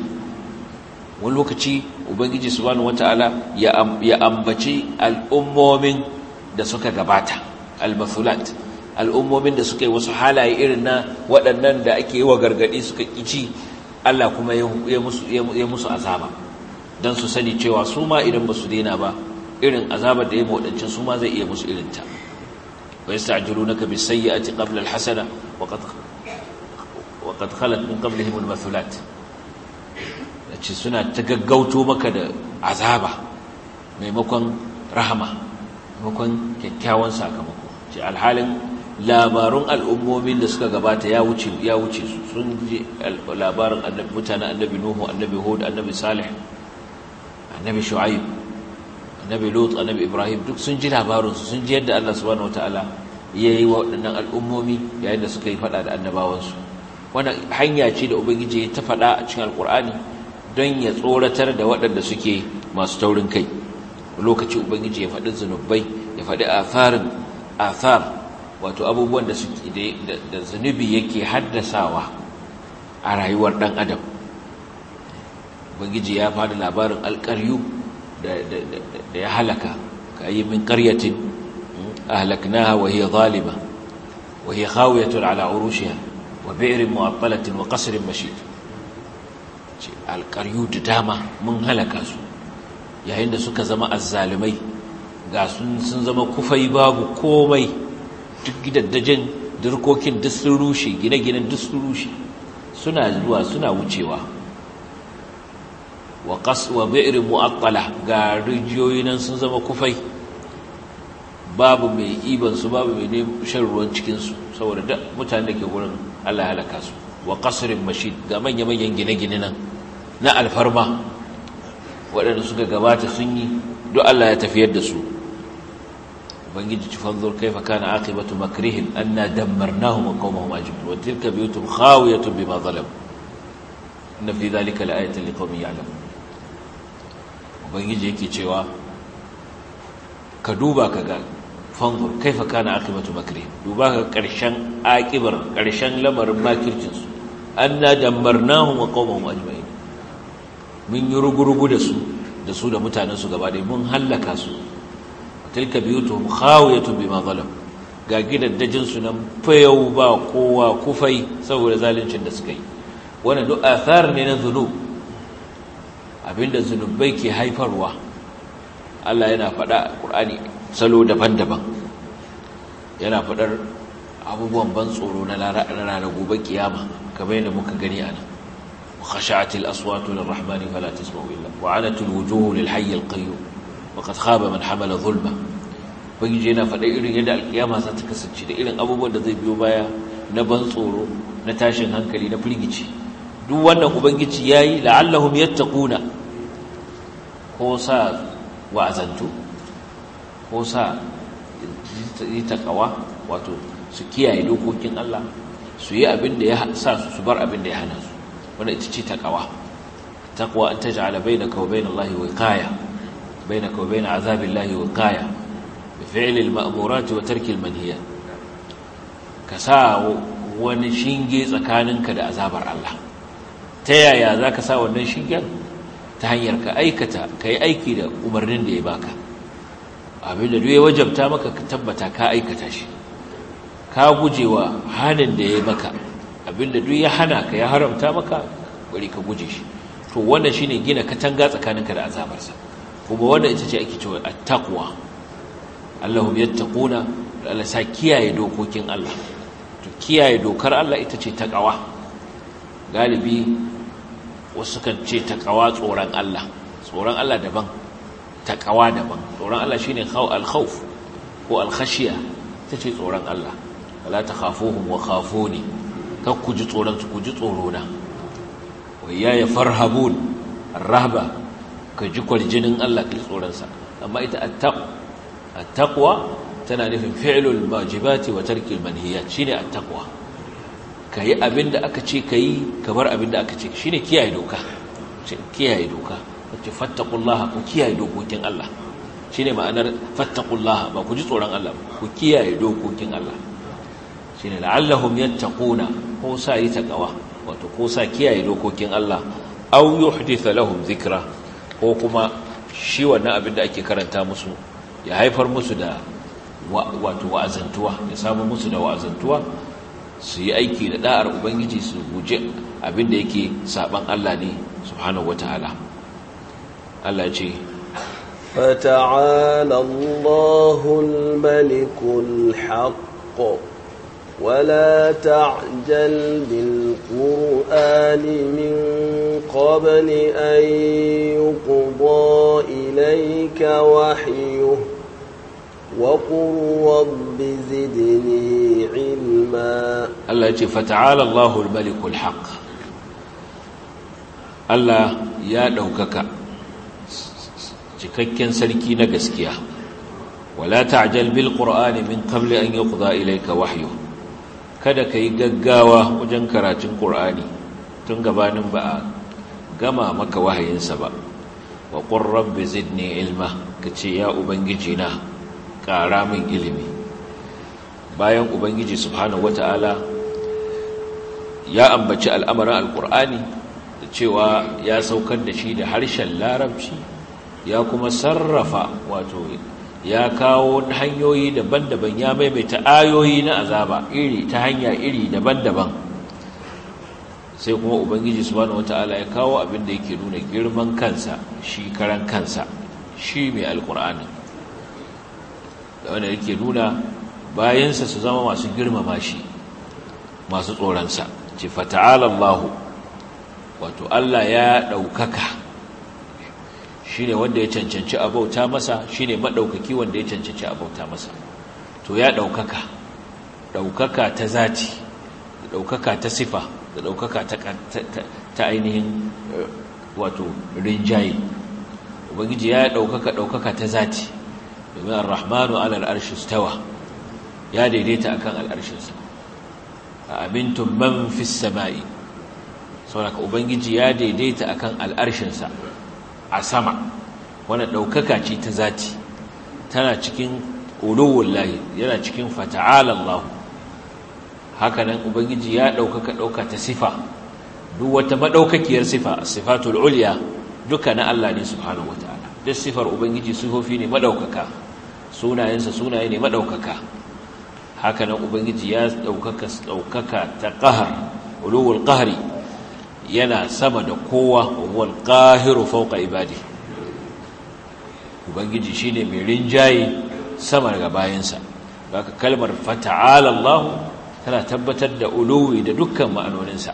wani lokaci ubangiji subhanahu wataala ya ambaci al'ummomin da suka gabata al-mathulat al'ummomin da suka yi wasu halaye irin na waɗannan da ake yi wa gargaɗi suka ƙici Allah kuma ya musu azaba don su sani cewa su ma idan ba su daina ba irin azabar da ya maɗancin su ma zai iya musu irinta wai sa'ajiru na kabi sayi a ci ƙablar hasana wa ƙadkhalat min ƙablihim al-mathulat da ce suna ta gaggauto maka da azaba maimakon rahama maimakon kyakkyawan sakamako ce alhalin labarun al'ummomin da suka gabata ya wuce su sun ji labarin annabi annabi nuhu annabi hud annabi salih annabi shu'aib annabi lut annabi ibrahim duk sun ji labarin su sun ji yadda Allah subhanahu wataala ya yi wa waɗannan al'ummomi yayin da suka yi faɗa da annabawansu wannan hanya ce da ubangiji ya ta faɗa a cikin alkur'ani don ya tsoratar da waɗanda suke masu taurin kai lokacin ubangiji ya faɗi zunubai ya faɗi afarin afar wato abubuwan da suke da zunubi yake haddasawa a rayuwar dan adam Bangiji ya fada labarin alƙaryu da ya halaka ka yi min ƙaryatin hmm, ahlaknaha wa hiya zalima wa hiya ala urushiha wa bi'rin mu'attalatin wa qasrin mashid alƙaryu da dama mun halaka su yayin da suka zama azzalumai ga sun zama kufai babu komai duk gidajen durkokin duk sun rushe gine-ginen duk sun rushe suna zuwa suna wucewa wa qaswa bi'r mu'attala ga rijiyoyi nan sun zama kufai babu mai iban babu mai shan ruwan cikinsu, su saboda duk mutanen da ke gurin Allah ya halaka su wa qasrin mashid ga manya-manyan gine-gine nan na alfarma waɗanda suka gabata sun yi duk Allah ya tafiyar da su ubangiji ci fanzur kaifa kana aqibatu makrihim anna dammarnahum wa qaumahum ajma'in wa tilka biyutun khawiyatun bima zalam inna fi dhalika la'ayatan liqaumin ya'lamun ubangiji yake cewa ka duba ka ga fanzur kaifa kana aqibatu makrihim duba ka karshen aqibar karshen lamarin makircin su anna dammarnahum wa qaumahum ajma'in mun yi rugurugu da su da su da mutanen su gaba mun hallaka su tilka biyutuhum khawiyatun bima zalam ga gidan dajin su nan fayau ba kowa kufai saboda zaluncin da suka yi wannan duk athar ne na zunub abinda zunubai ke haifarwa Allah yana faɗa a Qur'ani salo daban-daban yana faɗar abubuwan ban tsoro na ranar gobe kiyama kamar yadda muka gani a nan khashatil aswatu lirrahmani fala tasma'u illa wa anatul wujuhu lil hayy qayyum waqad khaba man hamala zulma ubangiji yana faɗa irin yadda alkiyama za ta kasance da irin abubuwan da zai biyo baya na ban tsoro na tashin hankali na firgici duk wannan ubangiji yayi la'allahum yattaquna ko sa wa'azantu ko sa yi takawa wato su kiyaye dokokin Allah su yi abin da ya sa su su bar abin da ya hana su wanda ita ce takawa takwa an taj'ala bainaka wa bainallahi wiqaya baina, بينك وبين عذاب الله وقاية بفعل المأمورات وترك المنهيات كسا ونشينجي تسكانك دا عذاب الله تيا يا ذاك سا ونشينجي تهنير كأيكتا كي أيكي دا da دي باكا abin da ya wajabta maka ka tabbata ka aikata shi ka gujewa hanin da ya maka abin da duk ya hana ka ya haramta maka bari ka guje shi to wannan shine gina katanga tsakaninka da azabarsa kuma wannan ita ce ake cewa attaqwa allahum yattaquna Allah sa kiyaye dokokin Allah to kiyaye dokar Allah ita ce taqwa galibi wasu kan ce taqwa tsoron Allah tsoron Allah daban taqwa daban tsoron Allah shine khaw al-khawf ko al-khashiya ita ce tsoron Allah wala takhafuhum wa khafuni kan ku ji tsoron ku ji tsoro na wayya ya farhabun rahba ka ji kwarjinin Allah ka tsoronsa amma ita attaqwa tana nufin fi'lul wajibati wa tarkil manhiyat shine attaqwa kayi abinda aka ce kayi ka bar abinda aka ce shine kiyaye doka kiyaye doka kace fattaqullaha ku kiyaye dokokin Allah shine ma'anar fattaqullaha ba ku ji tsoron Allah ku kiyaye dokokin Allah shine la'allahum yattaquna ko sa yi taqwa wato ko sa kiyaye dokokin Allah aw yuhditha lahum dhikra ko kuma shi wannan abin da ake karanta musu ya haifar musu da wato wa'azantuwa ya samu musu da wa'azantuwa su yi aiki da ɗa'ar ubangiji su guje abin da yake saɓan Allah ne subhanahu wataala Allah ce fata'ala Allahul malikul haqq ولا تعجل بالقرآن من قبل أن يقضى إليك وحيه وقل رب زدني علما الله يقول فتعالى الله الملك الحق الله يا دوكك cikakken sarki na gaskiya wala ta'jal bil qur'ani min qabli an yuqda ilayka wahyu kada ka yi gaggawa wajen karatun ƙur'ani tun gabanin ba a gama maka wahayinsa ba wa ƙorar bezid ne ilma ka ce ya ubangiji na ƙara min ilimi bayan ubangiji subhanahu wata'ala ya ambaci al'amarin alƙur'ani da cewa ya saukar da shi da harshen larabci ya kuma sarrafa wato ya kawo hanyoyi daban-daban ya maimaita ayoyi na azaba iri ta hanya iri daban-daban sai kuma ubangiji subhanahu wataala ya kawo abin da yake nuna girman kansa shi karan kansa shi mai alkur'ani da wanda yake nuna bayansa su zama masu girmama shi masu tsoronsa ce fata'ala wato Allah ya ɗaukaka Shi ne wanda ya cancanci abauta masa shi ne maɗaukaki wanda ya cancanci abauta masa to ya ɗaukaka, ɗaukaka ta zati ɗaukaka ta sifa da ɗaukaka ta ainihin eh, wato rinjaye ubangiji ya ɗaukaka-ɗaukaka ta zati domin al rahmanu ala al stawa ya daidaita akan al-arshinsa amintum man fis sama'i saboda ubangiji ya daidaita akan kan al'arshinsa a sama wani ɗaukaka ce ta zati tana cikin ulowin lahi yana cikin fata'alallahu hakanan ubangiji ya ɗaukaka ɗauka ta sifa duk wata maɗaukakiyar sifa sifatul ulya duka na Allah ne subhanahu wata'ala duk sifar ubangiji sifofi ne maɗaukaka sunayensa sunaye ne maɗaukaka hakanan ubangiji ya ɗaukaka ta ƙahar ulowul ƙahari yana sama da kowa wal ƙahiru fauka ibadi ubangiji shi ne mai rinjaye sama daga bayansa ka kalmar fata'ala tana tabbatar da uluwi da dukkan ma'anoninsa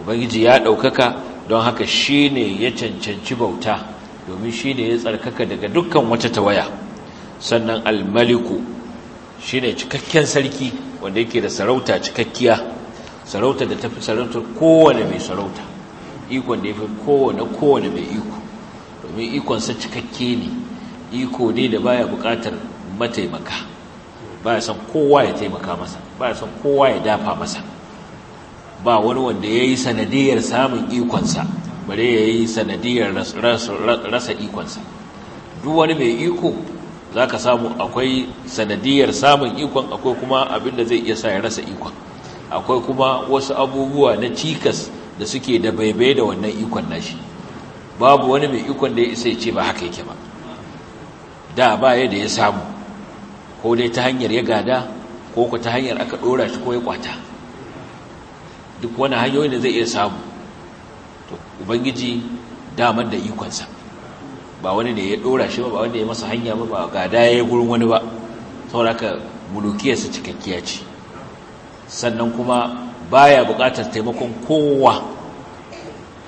ubangiji ya ɗaukaka, don haka shi ne ya cancanci bauta domin shi ne ya tsarkaka daga dukkan wata tawaya sannan almaliku maliku ne cikakken sarki wanda yake da sarauta cikakkiya sarauta da tafi sarautar kowane mai sarauta ikon da ya fi kowane kowane mai iko domin ikonsa cikakke ne iko ne da baya bukatar mataimaka ba ya san kowa ya taimaka masa ba ya san kowa ya dafa masa ba wani wanda ya yi sanadiyar samun ikonsa bare ya yi sanadiyar rasa ikonsa duk wani mai iko za ka samu akwai sanadiyar samun ikon akwai kuma abinda zai iya sa ya rasa ikon akwai kuma wasu abubuwa na cikas da suke da baibai da wannan ikon nashi babu wani mai ikon da ya isa ce ba haka yake ba da ba ya da ya samu ko dai ta hanyar ya gada ko ku ta hanyar aka dora shi ko ya kwata duk wani hanyoyi da zai iya samu to ubangiji damar da ikonsa ba wani ne ya dora shi ba wani ne ya masa hanya ba ba gada ya yi gurin wani ba saboda haka mulukiyarsa cikakkiya ce sannan kuma baya buƙatar taimakon kowa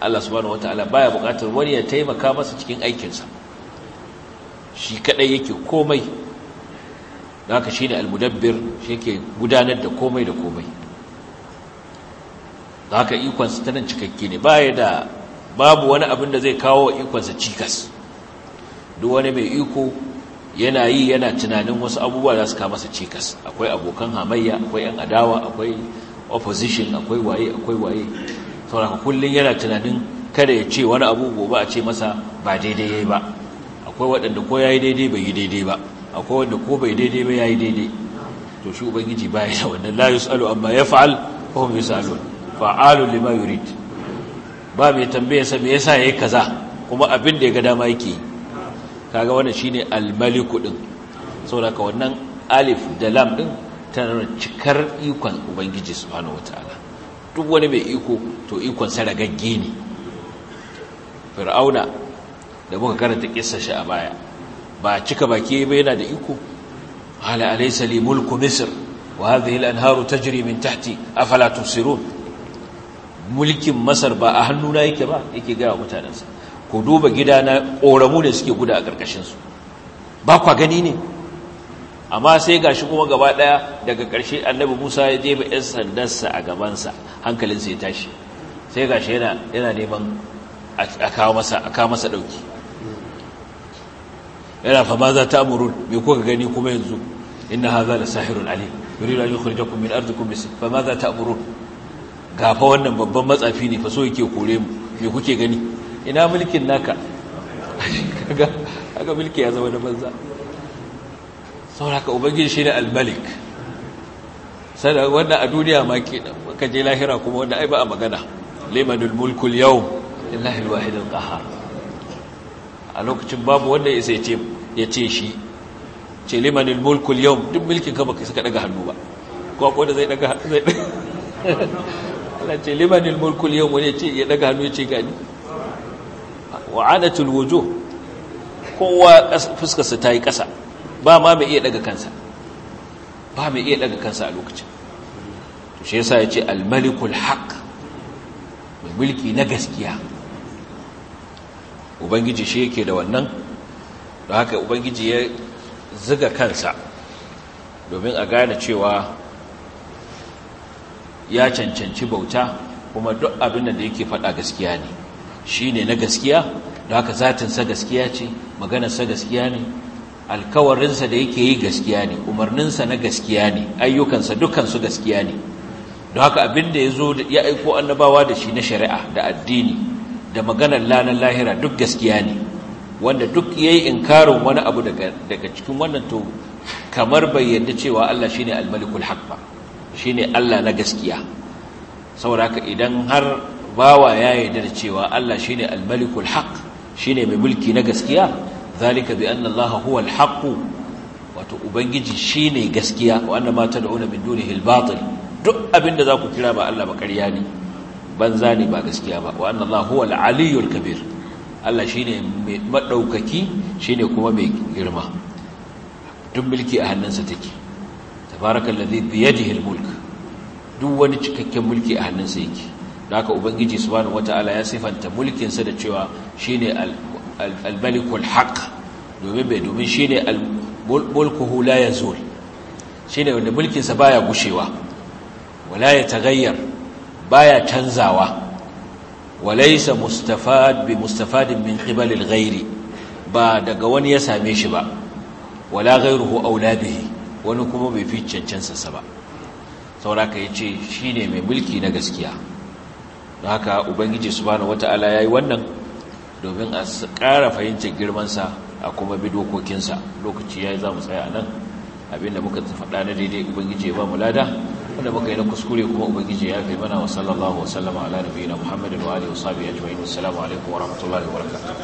Allah subhanahu wataala baya buƙatar wani ya taimaka masa cikin aikinsa shi kadai yake komai haka shine almudabbir shi yake gudanar da komai da komai haka ikonsa sa tanan cikakke ne baya da babu wani abin da zai kawo ikonsa cikas duk wani mai iko yana yi yana tunanin wasu abubuwa za su kama masa cikas akwai abokan hamayya akwai yan adawa akwai opposition akwai waye akwai waye sauraka kullum yana tunanin kada ya ce wani abu gobe a ce masa ba daidai yayi ba akwai waɗanda ko yayi daidai bai yi daidai ba akwai wanda ko bai daidai ba yayi daidai to shi ubangiji baya ya wanda la yusalu amma yaf'al fa hum yusalun fa'alun lima yurid ba mai tambaye sa me yasa yayi kaza kuma abin da ya ga dama yake yi kaga wannan shine al-maliku din saboda wannan alif da lam din tana cikar ikon ubangiji subhanahu wataala duk wani mai iko to ikon sa ragagge ne fir'auna da muka karanta kissar shi a baya ba cika baki ba yana da iko ala alaysa li mulku misr wa hadhihi al-anharu tajri min tahti afala tusirun mulkin masar ba a hannuna yake ba yake ga mutanansa ku duba gida na ƙoramu ne suke guda a ƙarƙashinsu ba kwa gani ne amma sai ga shi kuma gaba ɗaya daga ƙarshe annabi musa ya jefa 'yan sandarsa a gabansa hankalinsa ya tashi sai ga shi yana neman a kawo masa ɗauki yana fama za ta amuru mai kuka gani kuma yanzu inna haza da sahirun ali yuri da yukur kuma min arzikun Bisi fama za ta amuru gafa wannan babban matsafi ne fa so yake kore mu mai kuke gani ina mulkin naka aka mulki ya zama da banza sauraka ubangin shi ne almalik sannan wannan a duniya ma ke ka je lahira kuma wanda ai ba a magana limanul mulkul yau lillahi alwahidul qahar a lokacin babu wanda ya sai ce ya ce shi ce limanul mulkul yau duk mulkin ka baka saka daga hannu ba ko akwai da zai daga zai [laughs] Allah ce limanul mulkul yau wani ya ce ya daga hannu ya ce gani wa'adatul wujuh kowa fuskarsa ta yi kasa ba ma mai iya daga kansa ba mai iya daga kansa a lokacin to shi yasa yace al malikul haq mai mulki na gaskiya ubangiji shi yake da wannan da haka ubangiji ya ziga kansa domin a gane cewa ya cancanci bauta kuma duk abin da yake faɗa gaskiya ne Shi ne na gaskiya da haka zatinsa gaskiya ce maganarsa gaskiya ne alkawarinsa da yake yi gaskiya ne umarninsa na gaskiya ne ayyukansa dukansu gaskiya ne da haka abin da ya zo ya aiko annabawa da shi na shari'a da addini da maganar lanar lahira duk gaskiya ne wanda duk ya yi inkarin wani abu daga cikin wannan to kamar bai cewa Allah shi ne almalikul haƙ shi ne Allah na gaskiya saboda haka idan har bawa ya yarda da cewa Allah shine al-malikul haq shine mai mulki na gaskiya zalika bi anna Allah huwa al-haq wato ubangiji shine gaskiya wa anna ma tad'una min dunihi al duk abinda zaku kira ba Allah ba ƙarya ne banza ne ba gaskiya ba wa anna Allah huwa al kabir Allah shine mai madaukaki shine kuma mai girma duk mulki a hannunsa take tabarakallazi bi yadihi al-mulk duk wani cikakken mulki a hannunsa yake da haka ubangiji subhanahu wataala ya sifanta mulkinsa da cewa shine al-malikul haq domin bai domin shine mulkuhu la yazul shine wanda mulkinsa baya gushewa wala ya tagayyar baya canzawa walaysa mustafad bi mustafadin min qibal al-ghairi ba daga wani ya same shi ba wala ko aula bihi wani kuma bai fi cancansa ba sauraka yace shine mai mulki na gaskiya haka ubangiji subhanahu wataala yayi wannan domin a ƙara girman sa a kuma bi sa lokaci yayi zamu tsaya nan abinda muka faɗa na daidai ubangiji ya ba mu lada wanda muka yi na kuskure kuma ubangiji ya kai mana wa sallallahu wa sallama ala nabiyina muhammadin wa alihi wa sahbihi ajma'in assalamu alaikum wa rahmatullahi wa barakatuh